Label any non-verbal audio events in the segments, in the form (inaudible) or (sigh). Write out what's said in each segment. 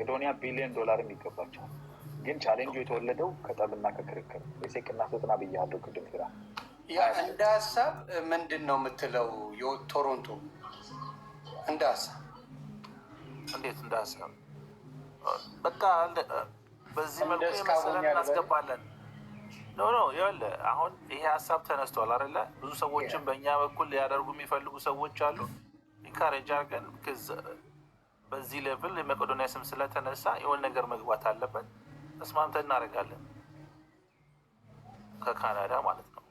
መቄዶንያ ቢሊዮን ዶላር ይገባቸዋል። ግን ቻሌንጁ የተወለደው ከጠብና ከክርክር የሴቅና ፍጥና ብያለው ቅድም ግራ ያ እንደ ሀሳብ ምንድን ነው የምትለው? ቶሮንቶ እንደ ሀሳብ እንዴት እንደ ሀሳብ በቃ በዚህ መልኩ መሰለን እናስገባለን። ኖ ኖ ይኸውልህ አሁን ይሄ ሀሳብ ተነስቷል አይደለ? ብዙ ሰዎችን በእኛ በኩል ሊያደርጉ የሚፈልጉ ሰዎች አሉ። ኢንካሬጅ አድርገን በዚህ ሌቭል የመቄዶንያ ስም ስለተነሳ የሆነ ነገር መግባት አለበት። ተስማምተን እናደርጋለን ከካናዳ ማለት ነው።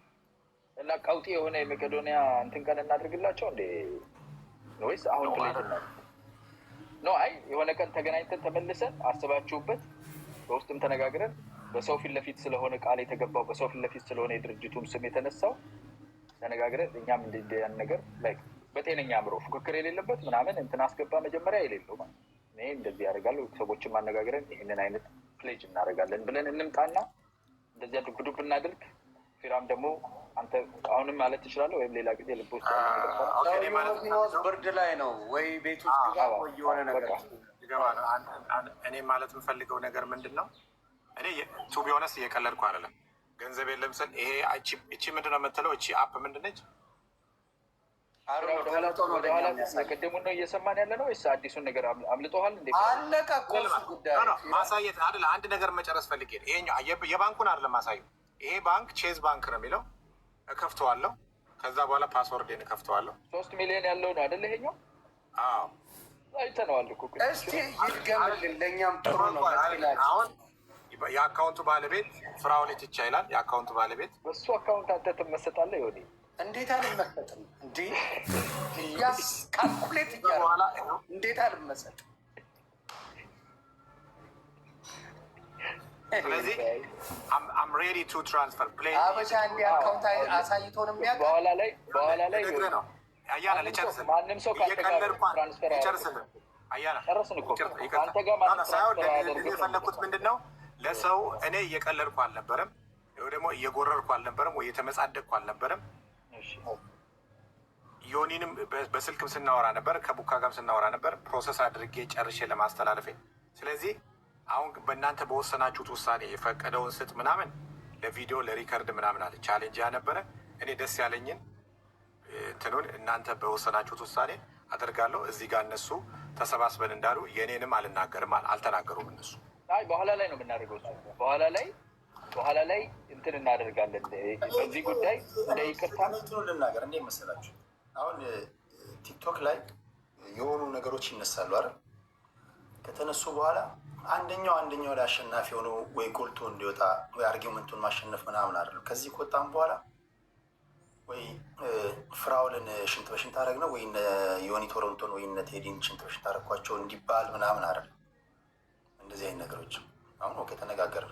እና ቀውጢ የሆነ የመቄዶኒያ እንትን ቀን እናድርግላቸው እንዴ? ወይስ አሁን ፕሌት ነው? አይ የሆነ ቀን ተገናኝተን ተመልሰን አስባችሁበት በውስጥም ተነጋግረን በሰው ፊት ለፊት ስለሆነ ቃል የተገባው በሰው ፊት ለፊት ስለሆነ የድርጅቱም ስም የተነሳው ተነጋግረን እኛም እንደ ነገር ላይ በጤነኛ አእምሮ ፉክክር የሌለበት ምናምን እንትን አስገባ መጀመሪያ የሌለው ማለት እኔ እንደዚህ ያደርጋሉ ሰዎችን ማነጋገረን ይህንን አይነት ፕሌጅ እናደርጋለን ብለን እንምጣና እንደዚያ ዱብ እናድርግ። ፊራም ደግሞ አንተ አሁንም ማለት ትችላለህ፣ ወይም ሌላ ጊዜ ልብ ውስጥ ብርድ ላይ ነው ወይ ቤት ውስጥ ግባ ወይ የሆነ ነገር እኔ ማለት የምፈልገው ነገር ምንድን ነው? እኔ ቱ ቢሆነስ እየቀለድኩ አይደለም። ገንዘብ የለም ስል ይሄ እቺ ምንድነው የምትለው እቺ አፕ ምንድነች? ቅድሙን ነው እየሰማን ያለ ነው ወይስ አዲሱን ነገር አምልጦሃል? አለቀ ማሳየት አይደለ። አንድ ነገር መጨረስ ፈልጌ ይሄኛው የባንኩን አይደለም ማሳየው። ይሄ ባንክ ቼዝ ባንክ ነው የሚለው እከፍተዋለሁ። ከዛ በኋላ ፓስወርዴን እከፍተዋለሁ። ሶስት ሚሊዮን ያለው ነው አይደለ? ይሄኛው አይተነዋል እኮ ለእኛም ጥሩ ነው። አሁን የአካውንቱ ባለቤት ፍራኦል ይቻይላል። የአካውንቱ ባለቤት በሱ አካውንት አንተ ትመሰጣለህ ይሆን እንዴት አልመሰጥም? እንዲ ያስ ካልኩሌት እያለ እንዴት አልመሰጥም? ስለዚህ አበሻ እንዲ አካውንት አሳይቶን የሚያውቅ በኋላ ላይ በኋላ ላይ ነው አያና ልጨርስልህ። ማንም ሰው ከአንተ ጋር ትራንስፈር ልጨርስልህ። አያና ጨረስን እኮ ከአንተ ጋር ማንም ሳይሆን የፈለግኩት ምንድን ነው ለሰው እኔ እየቀለድኩ አልነበረም፣ ደግሞ እየጎረርኩ አልነበረም ወይ የተመጻደቅኩ አልነበረም። ዮኒንም በስልክም ስናወራ ነበር፣ ከቡካ ጋርም ስናወራ ነበር። ፕሮሰስ አድርጌ ጨርሼ ለማስተላለፍ ስለዚህ አሁን በእናንተ በወሰናችሁት ውሳኔ የፈቀደውን ስጥ ምናምን ለቪዲዮ ለሪከርድ ምናምን አለ ቻሌንጅ ያነበረ እኔ ደስ ያለኝን እንትኑን እናንተ በወሰናችሁት ውሳኔ አደርጋለሁ። እዚህ ጋር እነሱ ተሰባስበን እንዳሉ የእኔንም አልናገርም አልተናገሩም። እነሱ በኋላ ላይ ነው የምናደርገው በኋላ ላይ በኋላ ላይ እንትን እናደርጋለን። በዚህ ጉዳይ እንደ ይቅርታ ልናገር እንዴ መሰላችሁ፣ አሁን ቲክቶክ ላይ የሆኑ ነገሮች ይነሳሉ አይደል? ከተነሱ በኋላ አንደኛው አንደኛው ላይ አሸናፊ የሆነው ወይ ጎልቶ እንዲወጣ ወይ አርጊመንቱን ማሸነፍ ምናምን አደሉ። ከዚህ ከወጣም በኋላ ወይ ፍራውልን ሽንት በሽንት አረግ ነው ወይ የሆኒ ቶሮንቶን ወይ ቴዲን ሽንት በሽንት አደረግኳቸው እንዲባል ምናምን አደሉ። እንደዚህ አይነት ነገሮች አሁን ከተነጋገርን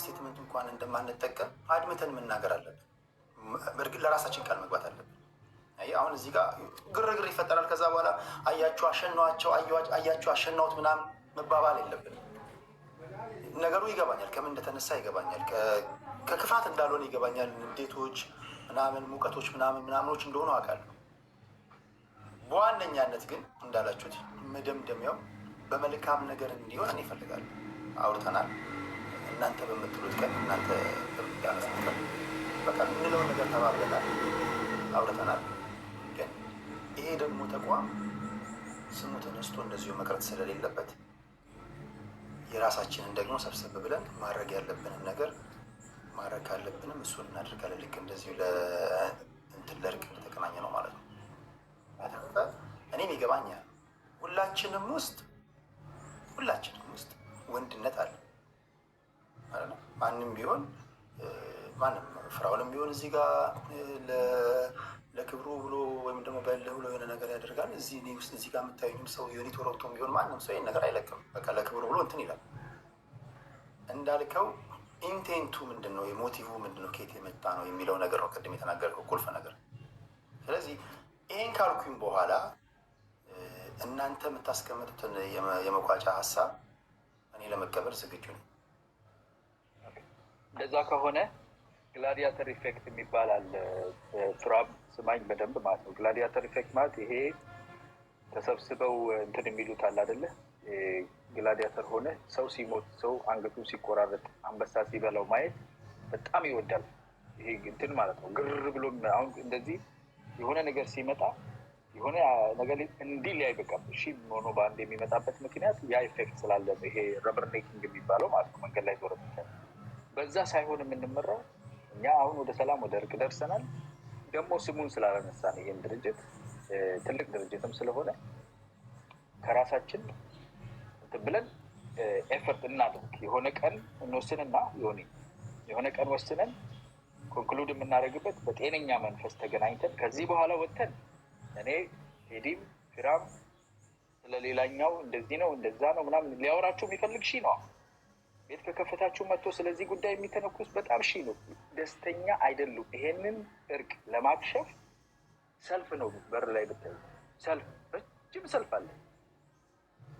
ስቴትመንት እንኳን እንደማንጠቀም አድምተን መናገር አለብን። ለራሳችን ቃል መግባት አለብን። አሁን እዚህ ጋር ግርግር ይፈጠራል። ከዛ በኋላ አያችሁ አሸናቸው፣ አያችሁ አሸናውት ምናምን መባባል የለብን። ነገሩ ይገባኛል፣ ከምን እንደተነሳ ይገባኛል። ከክፋት እንዳልሆነ ይገባኛል። ንዴቶች ምናምን ሙቀቶች ምናምን ምናምኖች እንደሆኑ አውቃለሁ። በዋነኛነት ግን እንዳላችሁት መደምደሚያው በመልካም ነገር እንዲሆን እኔ እፈልጋለሁ። አውርተናል። እናንተ በምትሉት ቀን እናንተ በምታነሱት ቀን በቃ የምንለውን ነገር ተባብለናል፣ አውርተናል። ግን ይሄ ደግሞ ተቋም ስሙ ተነስቶ እንደዚሁ መቅረት ስለሌለበት የራሳችንን ደግሞ ሰብሰብ ብለን ማድረግ ያለብንን ነገር ማድረግ ካለብንም እሱን እናደርጋለን። ልክ እንደዚሁ ለእንትን ለእርቅ ተገናኘ ነው ማለት ነው። እኔም ይገባኛል። ሁላችንም ውስጥ ሁላችንም ውስጥ ወንድነት አለ ማንም ቢሆን ማንም ፍራውንም ቢሆን እዚህ ጋር ለክብሩ ብሎ ወይም ደግሞ በል ብሎ የሆነ ነገር ያደርጋል። እዚህ እኔ ውስጥ እዚህ ጋር የምታዩኝም ሰው የሆነ ተወረብቶም ቢሆን ማንም ሰው ይህን ነገር አይለቅም። በቃ ለክብሩ ብሎ እንትን ይላል። እንዳልከው ኢንቴንቱ ምንድን ነው? የሞቲቭ ምንድን ነው? ከየት የመጣ ነው የሚለው ነገር ነው። ቅድም የተናገርከው ቁልፍ ነገር። ስለዚህ ይህን ካልኩኝ በኋላ እናንተ የምታስቀምጡትን የመቋጫ ሀሳብ እኔ ለመቀበል ዝግጁ ነው። እንደዛ ከሆነ ግላዲያተር ኢፌክት የሚባል አለ። ቱራብ ስማኝ በደንብ ማለት ነው። ግላዲያተር ኢፌክት ማለት ይሄ ተሰብስበው እንትን የሚሉት አለ አደለ? ግላዲያተር ሆነ ሰው ሲሞት፣ ሰው አንገቱ ሲቆራረጥ፣ አንበሳ ሲበላው ማየት በጣም ይወዳል። ይሄ እንትን ማለት ነው። ግር ብሎ አሁን እንደዚህ የሆነ ነገር ሲመጣ የሆነ ነገር እንዲህ ሊያይ በቃ እሺ ሆኖ በአንድ የሚመጣበት ምክንያት ያ ኢፌክት ስላለ ይሄ ረብርኔኪንግ የሚባለው ማለት ነው። መንገድ ላይ ዞረ ምክንያት በዛ ሳይሆን የምንመራው እኛ አሁን ወደ ሰላም ወደ እርቅ ደርሰናል። ደግሞ ስሙን ነው ይህን ድርጅት ትልቅ ድርጅትም ስለሆነ ከራሳችን ብለን ኤፈርት እናድርግ። የሆነ ቀን እንወስንና ሆኒ የሆነ ቀን ወስነን ኮንክሉድ የምናደርግበት በጤነኛ መንፈስ ተገናኝተን ከዚህ በኋላ ወጥተን እኔ ቴዲም ፊራም ስለሌላኛው እንደዚህ ነው እንደዛ ነው ምናምን ሊያወራችሁ የሚፈልግ ሺ ነው ቤት ከከፈታችሁ መጥቶ ስለዚህ ጉዳይ የሚተነኩስ በጣም ሺ ነው። ደስተኛ አይደሉም። ይሄንን እርቅ ለማክሸፍ ሰልፍ ነው። በር ላይ ብታዩ ሰልፍ፣ ረጅም ሰልፍ አለ።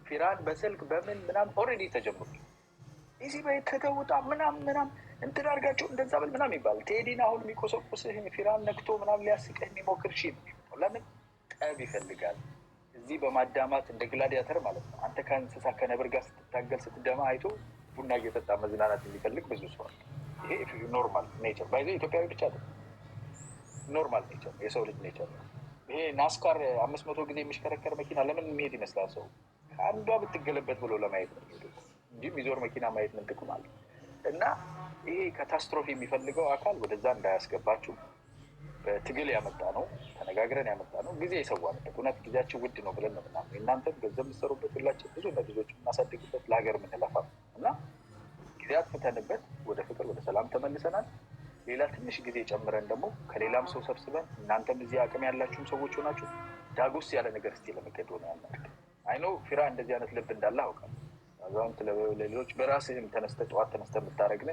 ፊራን በስልክ በምን ምናም ኦልሬዲ ተጀምሩ ኢዚ በይ ተተውጣ ምናም ምናም እንትን አድርጋቸው እንደዛ በል ምናም ይባል። ቴዲን አሁን የሚቆሰቁስህ ፊራን ነክቶ ምናም ሊያስቅህ የሚሞክር ሺ ነው። ለምን ጠብ ይፈልጋል። እዚህ በማዳማት እንደ ግላዲያተር ማለት ነው። አንተ ከእንስሳ ከነብር ጋር ስትታገል ስትደማ አይቶ ቡና እየጠጣ መዝናናት የሚፈልግ ብዙ ሰው አለ። ይሄ ኖርማል ኔቸር ባይዘ ኢትዮጵያዊ ብቻ አይደለም፣ ኖርማል ኔቸር ነው፣ የሰው ልጅ ኔቸር ነው። ይሄ ናስካር አምስት መቶ ጊዜ የሚሽከረከር መኪና ለምን የሚሄድ ይመስላል ሰው? አንዷ ብትገለበት ብሎ ለማየት ነው የሚሄዱ እንጂ የሚዞር መኪና ማየት ምን ጥቅም አለ? እና ይሄ ካታስትሮፊ የሚፈልገው አካል ወደዛ እንዳያስገባችሁ በትግል ያመጣ ነው፣ ተነጋግረን ያመጣ ነው። ጊዜ የሰዋንበት እውነት ጊዜያቸው ውድ ነው ብለን ነው ምናምን እናንተም ገንዘብ የምትሰሩበት ሁላችን ብዙ ለልጆች የምናሳድግበት ለሀገር የምንለፋ እና ጊዜ አጥፍተንበት ወደ ፍቅር ወደ ሰላም ተመልሰናል። ሌላ ትንሽ ጊዜ ጨምረን ደግሞ ከሌላም ሰው ሰብስበን እናንተም እዚህ አቅም ያላችሁም ሰዎች ሆናችሁ ዳጎስ ያለ ነገር እስቲ ለመገድ ሆነ ያልናል። አይኖ ፊራ እንደዚህ አይነት ልብ እንዳለ አውቃል። አዛውንት ለሌሎች በራስህም ተነስተ ጠዋት ተነስተ የምታደረግነ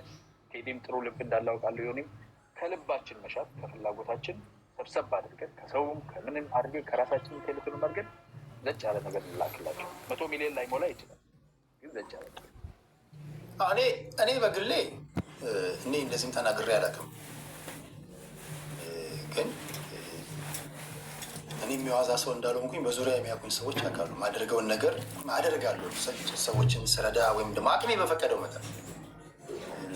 ቴዲም ጥሩ ልብ እንዳለ አውቃለሁ። ሆኔም ከልባችን መሻት ከፍላጎታችን ሰብሰብ አድርገን ከሰውም ከምንም አድርገን ከራሳችን ቴሌፎን አድርገን ዘጭ ያለ ነገር እንላክላቸው። መቶ ሚሊዮን ላይ ሞላ ይችላል፣ ግን ዘጭ ያለ እኔ እኔ በግሌ እኔ እንደዚህም ተናግሬ አላውቅም። ግን እኔ የሚዋዛ ሰው እንዳልሆንኩኝ በዙሪያ የሚያውቁኝ ሰዎች ያውቃሉ። ማደርገውን ነገር አደርጋለሁ። ሰዎችን ስረዳ ወይም ደግሞ አቅሜ በፈቀደው መጠን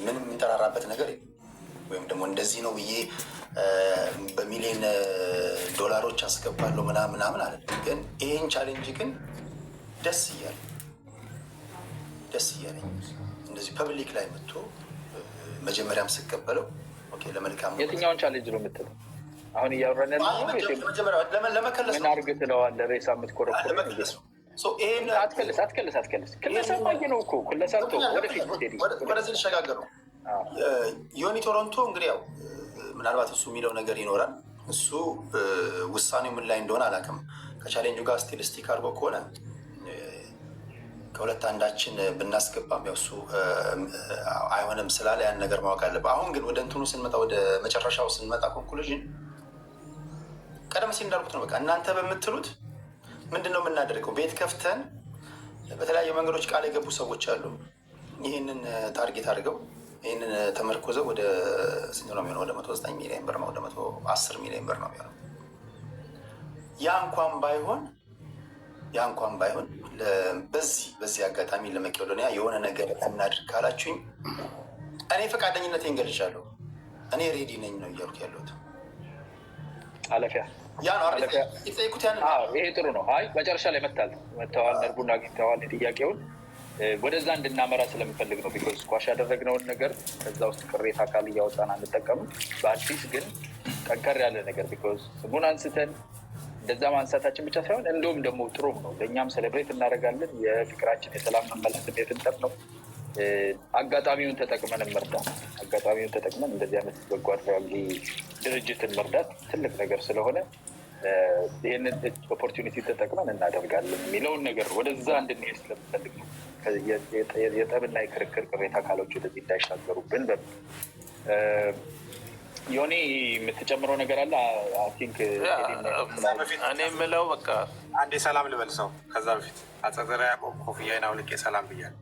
ምንም የሚንጠራራበት ነገር ወይም ደግሞ እንደዚህ ነው ብዬ በሚሊዮን ዶላሮች አስገባለሁ ምናምን ምናምን አለ። ግን ይህን ቻሌንጅ ግን ደስ እያለ ደስ እያለኝ እንደዚህ ፐብሊክ ላይ መጥቶ መጀመሪያም ስቀበለው ለመልካም የትኛውን ቻሌንጅ ነው የምትለው? አሁን እያወራን ለመከለስ ምን አድርግ ትለዋለህ? ሬሳ የምትኮረኮር አትከልስ አትከልስ አትከልስ። ክለሳ ማየ ነው እኮ ክለሳ ወደፊት ወደዚህ ልሸጋገር ነው ዮኒ ቶሮንቶ እንግዲህ ያው ምናልባት እሱ የሚለው ነገር ይኖራል። እሱ ውሳኔው ምን ላይ እንደሆነ አላውቅም። ከቻሌንጁ ጋር ስቲልስቲክ አድርጎ ከሆነ ከሁለት አንዳችን ብናስገባም ያው እሱ አይሆንም ስላለ ያን ነገር ማወቅ አለብህ። አሁን ግን ወደ እንትኑ ስንመጣ፣ ወደ መጨረሻው ስንመጣ ኮንክሉዥን ቀደም ሲል እንዳልኩት ነው። በቃ እናንተ በምትሉት ምንድን ነው የምናደርገው? ቤት ከፍተን በተለያዩ መንገዶች ቃል የገቡ ሰዎች አሉ። ይህንን ታርጌት አድርገው ይህንን ተመርኮዘ ወደ ስንት ነው የሚሆነው? ወደ መቶ ዘጠኝ ሚሊዮን ብር ነው፣ ወደ መቶ አስር ሚሊዮን ብር ነው የሚሆነው። ያ እንኳን ባይሆን ያ እንኳን ባይሆን በዚህ በዚህ አጋጣሚ ለመቄዶንያ የሆነ ነገር እናድርግ ካላችሁኝ እኔ ፈቃደኝነት እንገልጫለሁ። እኔ ሬዲ ነኝ ነው እያልኩ ያለሁት። አለፊያ ያ ነው ይጠይቁት። ያን ይሄ ጥሩ ነው። አይ መጨረሻ ላይ መታል መተዋል፣ ነርቡን አግኝተዋል ጥያቄውን ወደዛ እንድናመራ ስለምፈልግ ነው። ቢኮዝ ስኳሽ ያደረግነውን ነገር ከዛ ውስጥ ቅሬታ አካል እያወጣን አንጠቀምም። በአዲስ ግን ጠንከር ያለ ነገር ቢኮዝ ስሙን አንስተን እንደዛ ማንሳታችን ብቻ ሳይሆን እንደውም ደግሞ ጥሩም ነው። ለእኛም ሴሌብሬት እናደርጋለን። የፍቅራችን የሰላም መመለስ ስሜት እንጠር ነው። አጋጣሚውን ተጠቅመን መርዳት አጋጣሚውን ተጠቅመን እንደዚህ አይነት በጎ አድራጊ ድርጅትን መርዳት ትልቅ ነገር ስለሆነ ይህንን ኦፖርቹኒቲ ተጠቅመን እናደርጋለን የሚለውን ነገር ወደዛ እንድንሄድ ስለምፈልግ ነው። የጠብና የክርክር ቅሬታ ካሎች ወደዚህ እንዳይሻገሩብን በ የሆነ የምትጨምረው ነገር አለ። እኔ የምለው በቃ አንዴ ሰላም ልበል ሰው ከዛ በፊት አጸዘራ ያቆብ ኮፍያዬን አውልቄ ሰላም ብያለሁ።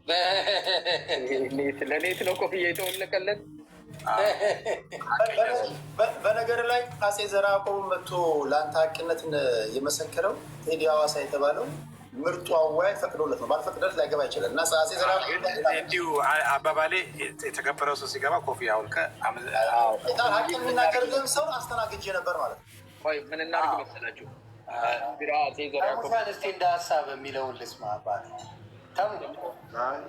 ለእኔ ስለ ኮፍያ የተወለቀለን። በነገር ላይ አጼ ዘርዓ ያዕቆብ መጥቶ ለአንተ ሀቅነት የመሰከረው ቴዲ ሐዋሳ የተባለው ምርጡ አዋይ ፈቅዶለት ነው። ባልፈቅደት ላይገባ ይችላል። እና እንዲሁ አባባሌ የተከበረው ሰው ሲገባ ኮፊ አውልቀ ሰው ነበር ማለት ነው። ምን እናድርግ መሰላችሁ እንደ ሀሳብ የሚለውን ልስማ።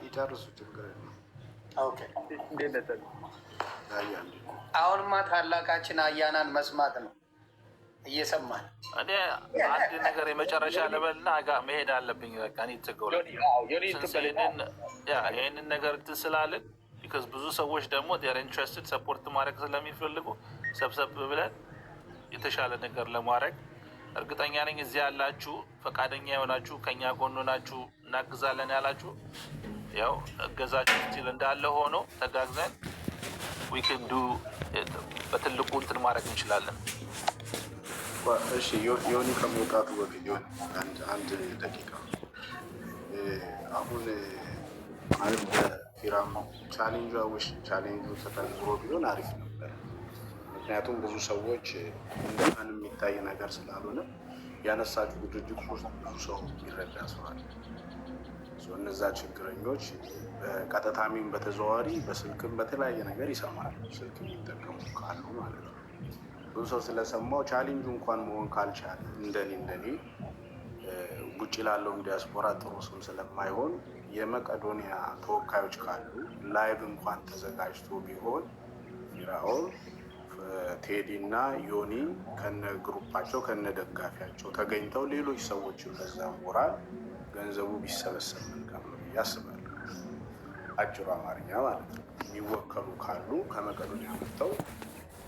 ይጨርሱ ችግር አሁንማ ታላቃችን አያናን መስማት ነው። እየሰማን እኔ አንድ ነገር የመጨረሻ ልበልና መሄድ አለብኝ። በቃ እኔ ይህንን ነገር እንትን ስላልን ቢካዝ ብዙ ሰዎች ደግሞ ር ኢንትረስትድ ሰፖርት ማድረግ ስለሚፈልጉ ሰብሰብ ብለን የተሻለ ነገር ለማድረግ እርግጠኛ ነኝ እዚህ ያላችሁ ፈቃደኛ የሆናችሁ ከኛ ጎን ናችሁ፣ እናግዛለን ያላችሁ ያው እገዛችሁ ስቲል እንዳለ ሆኖ ተጋግዘን ዊክንዱ በትልቁ እንትን ማድረግ እንችላለን። እሺ ዮኒ ከመውጣቱ በፊት ዮኒ አንድ አንድ ደቂቃ አሁን ማለት በፊራማ ቻሌንጁ አወሽ ቻሌንጁ ተጠንክሮ ቢሆን አሪፍ ነበር። ምክንያቱም ብዙ ሰዎች እንደ ቀን የሚታይ ነገር ስላልሆነ ያነሳችሁ ድርጅት ውስጥ ብዙ ሰው ይረዳ ሰዋል። እነዛ ችግረኞች በቀጥታሚም በተዘዋዋሪ በስልክም በተለያየ ነገር ይሰማል። ስልክ የሚጠቀሙ ካሉ ማለት ነው ብዙ ሰው ስለሰማው ቻሌንጁ እንኳን መሆን ካልቻለ እንደኔ እንደኔ ውጭ ላለውም ዲያስፖራ ጥሩ ስም ስለማይሆን የመቀዶኒያ ተወካዮች ካሉ ላይቭ እንኳን ተዘጋጅቶ ቢሆን ፊራኦል ቴዲ እና ዮኒ ከነ ግሩፓቸው ከነ ደጋፊያቸው ተገኝተው ሌሎች ሰዎችን በዛ ሞራል ገንዘቡ ቢሰበሰብ መልካም ነው ያስባል። አጭሩ አማርኛ ማለት ነው። የሚወከሉ ካሉ ከመቀዶኒያ መጥተው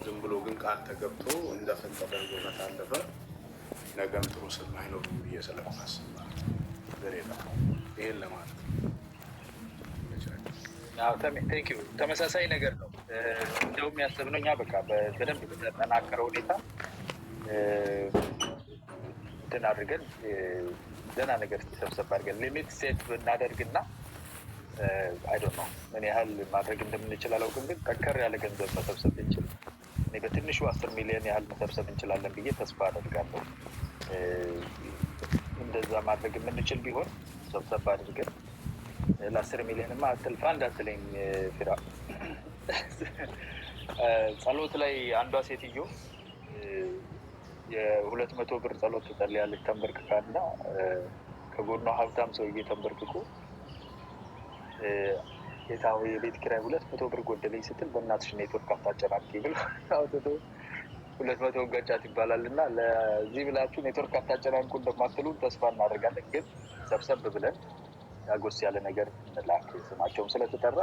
ዝም ብሎ ግን ቃል ተገብቶ እንደ እንደፈን ተደርጎ ከታለፈ ነገም ጥሩ ስም አይኖርም ብዬ ስለማስብ ገሬታ ይህን ለማለት ተመሳሳይ ነገር ነው። እንደውም ያሰብነው እኛ በቃ በደንብ በተጠናከረ ሁኔታ እንትን አድርገን ደህና ነገር ሰብሰብ አድርገን ሊሚት ሴት ብናደርግና አይዶ ነው ምን ያህል ማድረግ እንደምንችል አላውቅም፣ ግን ጠንከር ያለ ገንዘብ መሰብሰብ እንችል እኔ በትንሹ አስር ሚሊዮን ያህል መሰብሰብ እንችላለን ብዬ ተስፋ አደርጋለሁ። እንደዛ ማድረግ የምንችል ቢሆን ሰብሰብ አድርገን ለአስር ሚሊዮንማ አትልፋ እንዳትለኝ ፊራ ጸሎት ላይ አንዷ ሴትዮ የሁለት መቶ ብር ጸሎት ትጸልያለች ተንበርክካ እና ከጎኗ ሀብታም ሰውዬ ተንበርክኮ ጌታ ወይ የቤት ኪራይ ሁለት መቶ ብር ጎደለኝ ስትል በእናትሽ ኔትወርክ አታጨናቂ ብል አውጥቶ ሁለት መቶ ገጫት ይባላል እና ለዚህ ብላችሁ ኔትወርክ አታጨናንቁ እንደማትሉን ተስፋ እናደርጋለን። ግን ሰብሰብ ብለን ያጎስ ያለ ነገር እንላክ። ስማቸውም ስለተጠራ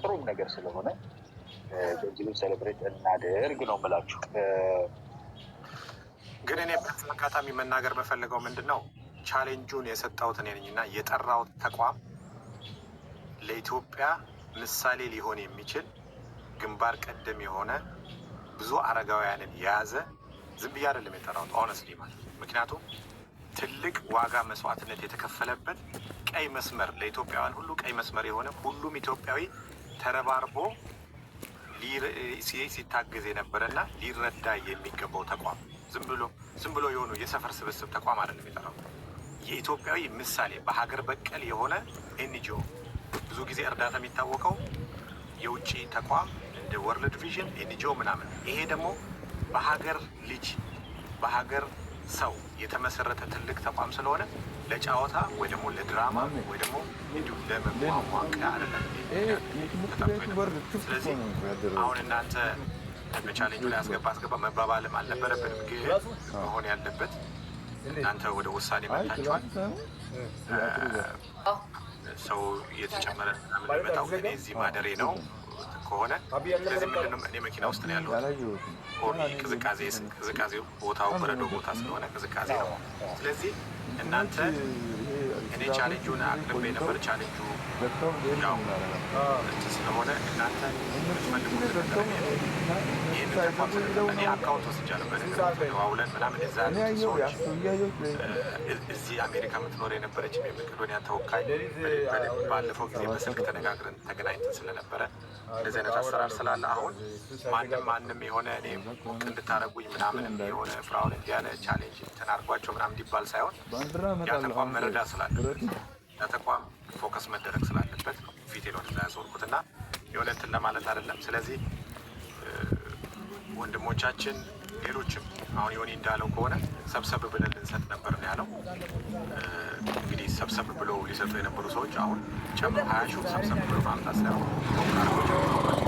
ጥሩም ነገር ስለሆነ በዚሁ ሴሌብሬት እናደርግ ነው ምላችሁ። ግን እኔ በዚህ አጋጣሚ መናገር በፈልገው ምንድን ነው ቻሌንጁን የሰጠሁት እኔ ነኝ እና የጠራሁት ተቋም ለኢትዮጵያ ምሳሌ ሊሆን የሚችል ግንባር ቀደም የሆነ ብዙ አረጋውያንን የያዘ ዝም ብዬ አይደለም የጠራሁት፣ ኦነስሊ ማለት ምክንያቱም ትልቅ ዋጋ መስዋዕትነት የተከፈለበት ቀይ መስመር ለኢትዮጵያውያን ሁሉ ቀይ መስመር የሆነ ሁሉም ኢትዮጵያዊ ተረባርቦ ሲታገዝ የነበረና ሊረዳ የሚገባው ተቋም ዝም ብሎ ዝም ብሎ የሆኑ የሰፈር ስብስብ ተቋም አይደለም የጠራሁት፣ የኢትዮጵያዊ ምሳሌ በሀገር በቀል የሆነ ኤንጂኦ ብዙ ጊዜ እርዳታ የሚታወቀው የውጭ ተቋም እንደ ወርልድ ቪዥን ኤንጂኦ ምናምን። ይሄ ደግሞ በሀገር ልጅ በሀገር ሰው የተመሰረተ ትልቅ ተቋም ስለሆነ ለጨዋታ ወይ ደግሞ ለድራማ ወይ ደግሞ እንዲሁ ለመሟሟቂያ አይደለም። ስለዚህ አሁን እናንተ በቻሌንጁ ላይ አስገባ አስገባ መባባልም አልነበረብንም። ግን መሆን ያለበት እናንተ ወደ ውሳኔ መታችኋል። ሰው እየተጨመረ የምንመጣው እኔ እዚህ ማደሬ ነው ከሆነ ስለዚህ ምንድነው እኔ መኪና ውስጥ ነው ያለው። ቅዝቃዜ ቅዝቃዜ ቦታው በረዶ ቦታ ስለሆነ ቅዝቃዜ ነው። ስለዚህ እናንተ እኔ ቻሌንጁን አቅልቤ ነበር ቻሌንጁ እዚህ አሜሪካ የምትኖር የነበረች የመቄዶኒያ ተወካይ ባለፈው ጊዜ በስልክ ተነጋግረን ተገናኝተን ስለነበረ እንደዚህ አይነት አሰራር ስላለ አሁን ማንም ማንም የሆነ እኔ እንድታረጉኝ ምናምን የሆነ ፍራውን እንዲያለ ቻሌንጅ ተናርጓቸው ምናምን እንዲባል ሳይሆን መረዳ ስላለ ተቋም ፎከስ መደረግ ስላለበት ፊቴን ወደዛ ያዞርኩትና የሁለትን ለማለት አይደለም። ስለዚህ ወንድሞቻችን ሌሎችም አሁን የሆነ እንዳለው ከሆነ ሰብሰብ ብለን ልንሰጥ ነበር ነው ያለው። እንግዲህ ሰብሰብ ብሎ ሊሰጡ የነበሩ ሰዎች አሁን ጨምሮ ሀያ ሰብሰብ ብሎ ማምጣት ሳይሆን ሰው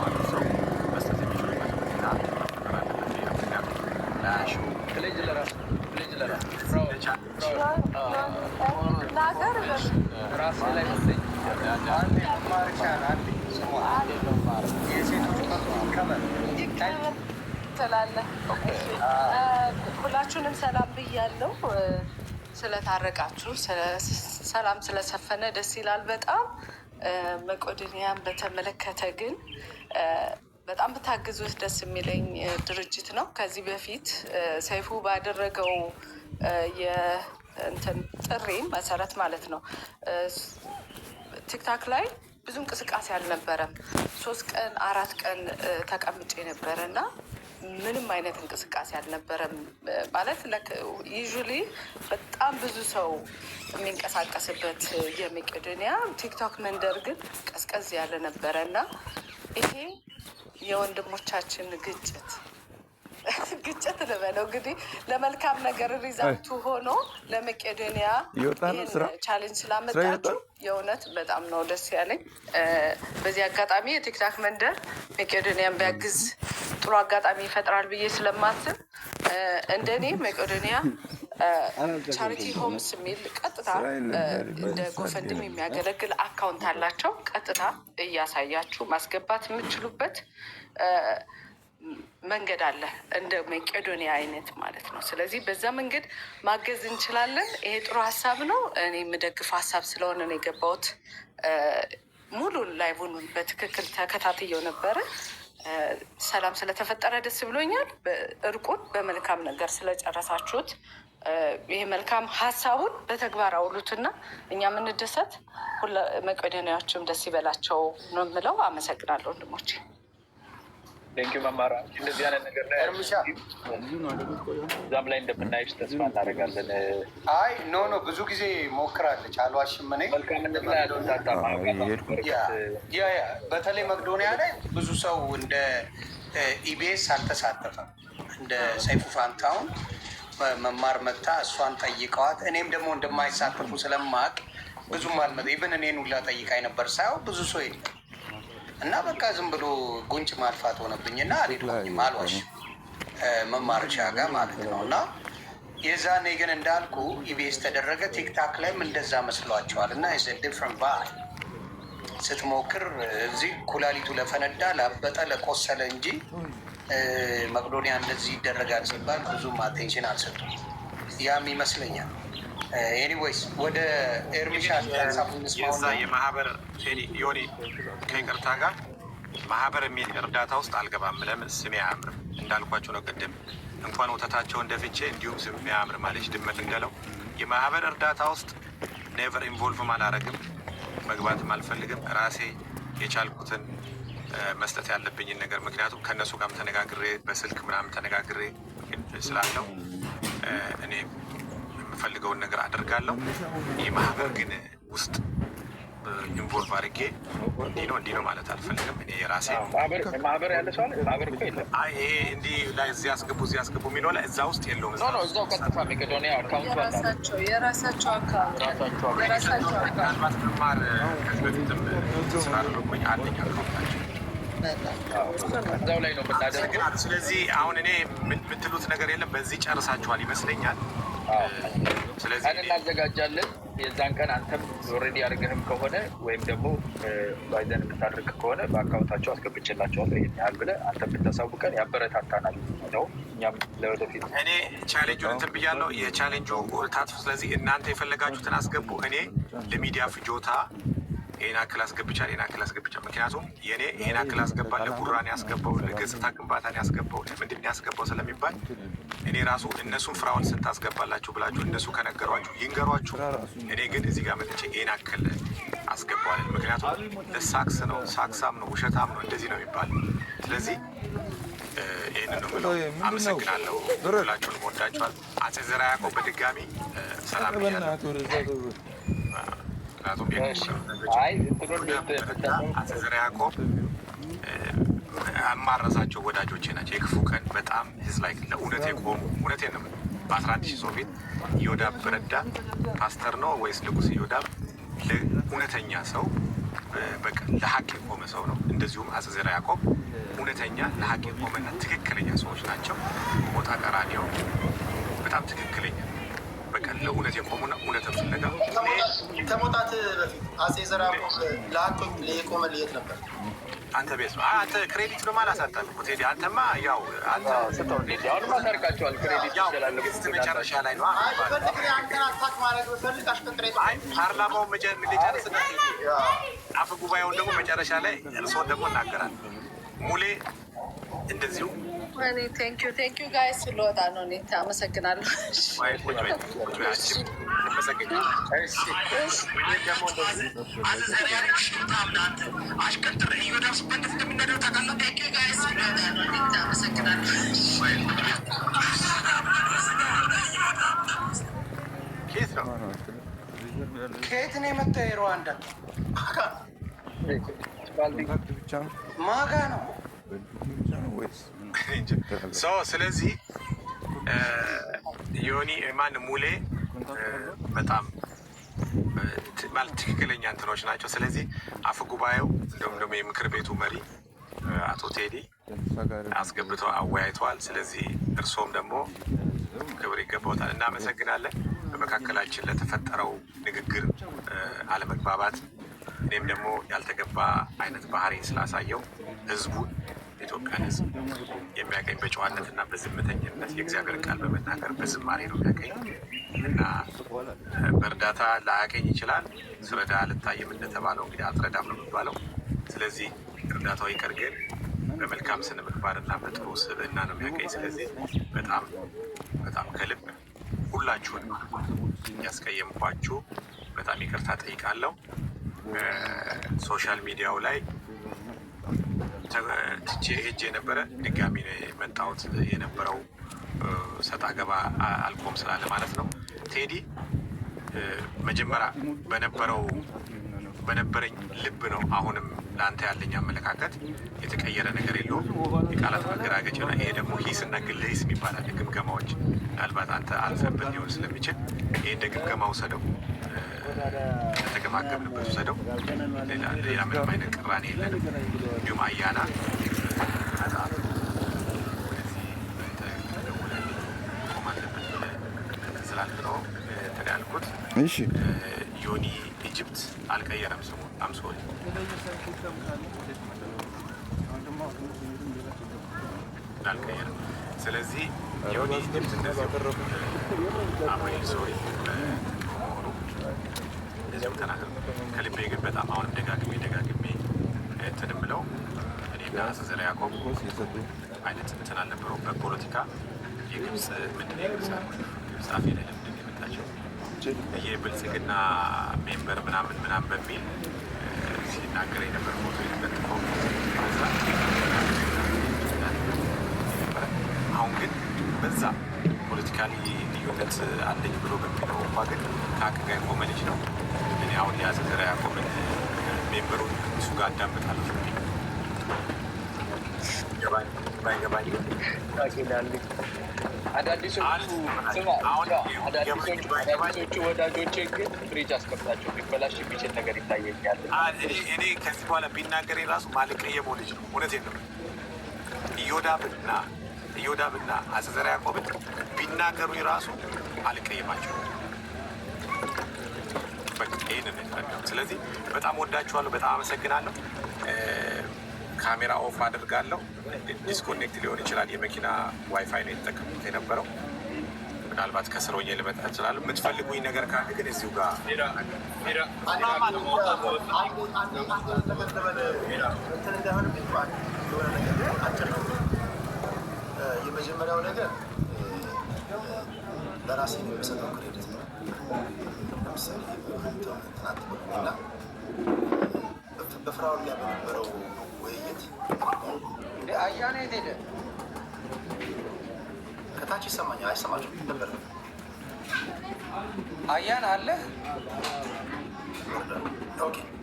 ሁላችሁንም ሰላም ብያለው። ስለታረቃችሁ ሰላም ስለሰፈነ ደስ ይላል በጣም። መቄዶንያን በተመለከተ ግን በጣም ብታግዙት ደስ የሚለኝ ድርጅት ነው። ከዚህ በፊት ሰይፉ ባደረገው የእንትን ጥሪ መሰረት ማለት ነው ቲክታክ ላይ ብዙ እንቅስቃሴ አልነበረም። ሶስት ቀን አራት ቀን ተቀምጬ ነበረ እና ምንም አይነት እንቅስቃሴ አልነበረም። ማለት ዩዥሊ በጣም ብዙ ሰው የሚንቀሳቀስበት የመቄዶንያ ቲክቶክ መንደር ግን ቀዝቀዝ ያለ ነበረ እና ይሄ የወንድሞቻችን ግጭት (laughs) ግጭት ልበለው እንግዲህ ለመልካም ነገር ሪዛልቱ ሆኖ ለመቄዶንያ ቻሌንጅ ስላመጣችሁ የእውነት በጣም ነው ደስ ያለኝ። በዚህ አጋጣሚ የቲክታክ መንደር መቄዶንያን ቢያግዝ ጥሩ አጋጣሚ ይፈጥራል ብዬ ስለማስብ እንደኔ መቄዶንያ ቻሪቲ ሆምስ የሚል ቀጥታ እንደ ጎፈንድም የሚያገለግል አካውንት አላቸው። ቀጥታ እያሳያችሁ ማስገባት የምችሉበት መንገድ አለ እንደ መቄዶኒያ አይነት ማለት ነው። ስለዚህ በዛ መንገድ ማገዝ እንችላለን። ይሄ ጥሩ ሀሳብ ነው። እኔ የምደግፍ ሀሳብ ስለሆነ ነው የገባሁት። ሙሉ ላይቡን በትክክል ተከታትየው ነበረ። ሰላም ስለተፈጠረ ደስ ብሎኛል። እርቁን በመልካም ነገር ስለጨረሳችሁት ይህ መልካም ሀሳቡን በተግባር አውሉትና እኛ የምንደሰት መቄዶኒያዎችም ደስ ይበላቸው ነው የምለው። አመሰግናለሁ ወንድሞቼ። ቴንኪው መማራ እንደዚህ አይነት ነገር ላይ እርምሻ እዛም ላይ እንደምናይሽ ተስፋ እናደርጋለን። አይ ኖ ኖ ብዙ ጊዜ ሞክራለች አልዋሽም። እኔ ያ ያ በተለይ መቅዶኒያ ላይ ብዙ ሰው እንደ ኢቢኤስ አልተሳተፈም። እንደ ሰይፉ ፋንታውን መማር መታ እሷን ጠይቀዋት እኔም ደግሞ እንደማይሳተፉ ስለማቅ ብዙም አልመጣ ይብን እኔን ሁላ ጠይቃኝ ነበር ሳይሆን ብዙ ሰው የለም እና በቃ ዝም ብሎ ጉንጭ ማልፋት ሆነብኝና አልሄድኩም። አልዋሽ መማርቻ ጋር ማለት ነው። እና የዛኔ ግን እንዳልኩ ኢቢኤስ ተደረገ። ቲክታክ ላይም እንደዛ መስሏቸዋል። እና ዲፍረንት ባህል ስትሞክር እዚህ ኩላሊቱ ለፈነዳ ላበጠ፣ ለቆሰለ እንጂ መቅዶኒያ እንደዚህ ይደረጋል ሲባል ብዙም አቴንሽን አልሰጡም። ያም ይመስለኛል ኤኒዌይስ eh, ወደ ኤርሚሻ የዛ የማህበር ዮኒ ከይቅርታ ጋር ማህበር የሚል እርዳታ ውስጥ አልገባም። ለምን ስሜ አያምርም እንዳልኳቸው ነው። ቅድም እንኳን ወተታቸው እንደፍቼ እንዲሁም ስም አያምርም ማለች ድመት እንደለው። የማህበር እርዳታ ውስጥ ኔቨር ኢንቮልቭም አላረግም፣ መግባትም አልፈልግም። ራሴ የቻልኩትን eh, መስጠት ያለብኝን ነገር ምክንያቱም ከእነሱ ጋርም ተነጋግሬ በስልክ ምናምን ተነጋግሬ ስላለው eh, እኔ የምፈልገውን ነገር አደርጋለሁ። ይህ ማህበር ግን ውስጥ ኢንቮልቭ አድርጌ እንዲህ ነው እንዲህ ነው ማለት አልፈልግም። እኔ የራሴ ማህበር ያለ ሰው ማህበር እኮ የለም። አይ ይሄ እንዲህ ላይ እዚህ አስገቡ እዚህ አስገቡ የሚለው ላይ እዛ ውስጥ የለውም። እዛው ቀጥታ መቄዶኒያ አካውንት የራሳቸው የራሳቸው አካውንት ምናልባት መማር ከዚህ በፊትም ስላደረጉኝ አንደኛ ግሩፕ ላይ ነው ምናደርግ። ስለዚህ አሁን እኔ የምትሉት ነገር የለም። በዚህ ጨርሳችኋል ይመስለኛል። ስለዚህ እናዘጋጃለን። የዛን ቀን አንተም ኦልሬዲ አድርገህም ከሆነ ወይም ደግሞ ባይዘን የምታደርግ ከሆነ በአካውንታቸው አስገብቼላቸዋለሁ ይህን ያህል ብለህ አንተ ብታሳውቀን ያበረታታናል ነው። እኛም ለወደፊት እኔ ቻሌንጁ እንትን ብያለሁ። የቻሌንጁ ታጥፎ ስለዚህ እናንተ የፈለጋችሁትን አስገቡ። እኔ ለሚዲያ ፍጆታ ይሄን አክል አስገብቻል፣ ይሄን አክል አስገብቻል። ምክንያቱም የእኔ ይሄን አክል አስገባ ለቡራን ያስገባው ለገጽታ ግንባታን ያስገባው ምንድን ያስገባው ስለሚባል እኔ ራሱ እነሱን ፍራውን ስንት አስገባላችሁ ብላችሁ እነሱ ከነገሯችሁ ይንገሯችሁ። እኔ ግን እዚህ ጋር መጥቼ ይሄን አክል አስገባዋል። ምክንያቱም ሳክስ ነው፣ ሳክሳም ነው፣ ውሸታም ነው፣ እንደዚህ ነው የሚባል ስለዚህ ይህንን ነው ምለው። አመሰግናለሁ። ሁላችሁንም ወዳችኋል። አጼ ዘርዓ ያዕቆብ በድጋሚ ሰላም ብያለሁ። ምክንያቱም አዘዘራ ያዕቆብ አማረሳቸው ወዳጆቼ ናቸው። የክፉ ቀን በጣም ህዝ ላይ ለእውነት የቆሙ እውነት ነው። በአስራ አንድ ሺህ ሰው ፊት ዮዳብ በረዳ ፓስተር ነው ወይስ ንጉስ ዮዳብ ለእውነተኛ ሰው ለሀቅ የቆመ ሰው ነው። እንደዚሁም አዘዘራ ያዕቆብ እውነተኛ ለሀቅ የቆመና ትክክለኛ ሰዎች ናቸው። ሞጣ ቀራኒዮ በጣም ትክክለኛ ያለው እውነት የቆሙና እውነትን ፍለጋ ከመውጣት በፊት አጼ ዘራሞት ለአቶም የቆመ ልየት ነበር። አንተ ቤት ነው አንተ ክሬዲት ነው አላሳጣልኩት። ቴዲ አንተማ ያው አንተ መጨረሻ ላይ ነው። አይ አፈ ጉባኤውን ደግሞ መጨረሻ ላይ እርስዎን ደግሞ እናገራለን። ሙሌ እንደዚሁ ቴንኪው ጋይስ ስለወጣ ነው። እኔ አመሰግናለሁ። ከየት ነው የመጣው? የሩዋንዳ ማጋ ነው (laughs) ስለዚህ ዮኒ ማን ሙሌ በጣም ማለት ትክክለኛ እንትኖች ናቸው። ስለዚህ አፈ ጉባኤው እንዲሁም ደግሞ የምክር ቤቱ መሪ አቶ ቴዲ አስገብተው አወያይተዋል። ስለዚህ እርሶም ደግሞ ክብር ይገባውታል። እናመሰግናለን። በመካከላችን ለተፈጠረው ንግግር አለመግባባት እኔም ደግሞ ያልተገባ አይነት ባህሪ ስላሳየው ህዝቡን የኢትዮጵያን ሕዝብ የሚያገኝ በጨዋነትና በዝምተኝነት የእግዚአብሔር ቃል በመናገር በዝማሬ ነው የሚያገኝ እና በእርዳታ ላያገኝ ይችላል። ስረዳ አልታይም እንደተባለው እንግዲህ አትረዳም ነው የሚባለው። ስለዚህ እርዳታው ይቀር ግን በመልካም ስነ እና በጥሩ ስብዕና ነው የሚያገኝ። ስለዚህ በጣም በጣም ከልብ ሁላችሁን ያስቀየምኳችሁ በጣም ይቅርታ ጠይቃለሁ። ሶሻል ሚዲያው ላይ ትቼ ሄጄ የነበረ ድጋሚ መጣሁት የነበረው ሰጣ ገባ አልቆም ስላለ ማለት ነው። ቴዲ መጀመሪያ በነበረው በነበረኝ ልብ ነው። አሁንም ለአንተ ያለኝ አመለካከት የተቀየረ ነገር የለውም። የቃላት መገራገጭ ሆነ። ይሄ ደግሞ ሂስ እና ግል ሂስ የሚባላል ግምገማዎች ምናልባት አንተ አልፈበት ሊሆን ስለሚችል ይህ እንደ ግምገማ ውሰደው። ከተገማገምንበት ውሰደው። ሌላ ሌላ ምንም አይነት ቅራኔ የለንም። እንዲሁም አያና እሺ ዮኒ ኢጅፕት አልቀየረም ስሙ አምሶሪ አልቀየረም። ስለዚህ ዮኒ ኢጅፕት እንደዚህ አማይ ሶሪ መሆኑ እንደዚሁም ተናገር ከልቤ ግን በጣም አሁንም ደጋግሜ ደጋግሜ እንትን ብለው እኔና ዘዘላ ያዕቆብ አይነት እንትን አልነበረውም። በፖለቲካ የግብፅ ምንድን የግብፅ ግብፅ አፌ ላይ ለምንድን የመጣቸው ይህ ብልጽግና ሜምበር ምናምን ምናምን በሚል ሲናገር የነበር ፎቶ የተለጥፎ አሁን ግን በዛ ፖለቲካ ልዩነት አለኝ ብሎ በሚለው እንኳ ግን ከአቅ ጋር የቆመ ልጅ ነው። አሁን የዘርዓ ያዕቆብን ሜምበሩን እሱ ጋር አዳምጣለሁ። አዳዲሶቹ ወዳጆቼ ግን ፍሪጅ አስቀምጣቸው የሚችል ነገር ይታየኛል። እኔ ከዚህ በኋላ ቢናገር የራሱ ማልቀየመው ልጅ ነው። እውነቴን ነው። ዘርዓ ያዕቆብን ቢናገሩ የራሱ አልቀየማቸው በቃ ይህንን የተጠቀም። ስለዚህ በጣም ወዳችኋለሁ፣ በጣም አመሰግናለሁ። ካሜራ ኦፍ አድርጋለሁ። ዲስኮኔክት ሊሆን ይችላል። የመኪና ዋይፋይ ነው የተጠቀምኩት የነበረው። ምናልባት ከስር ሆኜ ልመጣ እችላለሁ። የምትፈልጉኝ ነገር ካለ ግን እዚሁ ጋር የመጀመሪያው ነገር ለራሴ የሚሰጠው ክሬዲት ነው። ለምሳሌ ትናንት በኩና በፍራውን ጋር በነበረው ውይይት አያኔ ሄደ ከታች ይሰማኝ አይሰማቸው ነበር። አያን አለ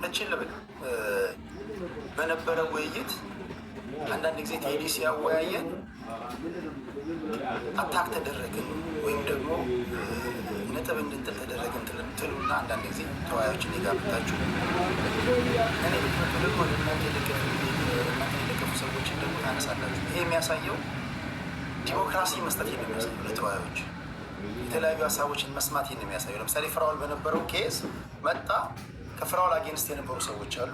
እችን ልብል በነበረው ውይይት አንዳንድ ጊዜ ቴዲ ሲያወያየን አታክ ተደረግን ወይም ደግሞ ነጥብ እንድንጥል ተደረግን ትሉና አንዳንድ ጊዜ ተወያዮች እኔ እኔ ደግሞ እናንተ የደገፉ ሰዎች ደግሞ ታነሳላችሁ። ይሄ የሚያሳየው ዲሞክራሲ መስጠት የሚያሳየው ለተወያዮች የተለያዩ ሀሳቦችን መስማት ይህን የሚያሳየው ለምሳሌ ፍራውል በነበረው ኬዝ መጣ። ከፍራውል አጌንስት የነበሩ ሰዎች አሉ፣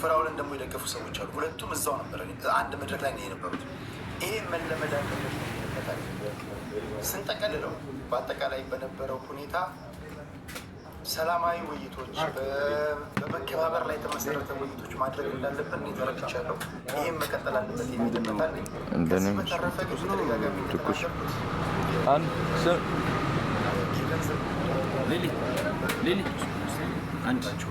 ፍራውልን ደግሞ የደገፉ ሰዎች አሉ። ሁለቱም እዛው ነበረ፣ አንድ መድረክ ላይ ነው የነበሩት። ይሄ መለመድ አለበት። ይመለከታል። ስንጠቀልለው በአጠቃላይ በነበረው ሁኔታ ሰላማዊ ውይይቶች፣ በመከባበር ላይ የተመሰረተ ውይይቶች ማድረግ እንዳለብን ተረድቻለሁ። ይህም መቀጠል አለበት የሚል ከዚህ በተረፈ ግን ተደጋጋሚ አንዳችሁ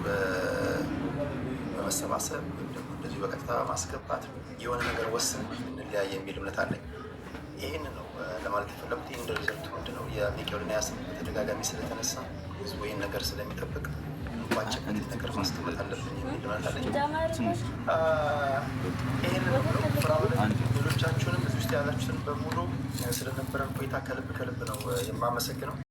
በመሰባሰብ ወይም ደግሞ እንደዚሁ በቀጥታ ማስገባት የሆነ ነገር ወስን እንለያየ የሚል እምነት አለኝ። ይህን ነው ለማለት የፈለጉት ይህ ሪዘልቱ ምንድን ነው? የመቄዶንያ ስም በተደጋጋሚ ስለተነሳ ህዝቡ ይህን ነገር ስለሚጠብቅ ባቸው ነገር ማስቀመጥ አለብን የሚል እምነት አለኝ። ይህንን ሌሎቻችሁንም እዚህ ውስጥ ያላችሁትን በሙሉ ስለነበረን ቆይታ ከልብ ከልብ ነው የማመሰግነው።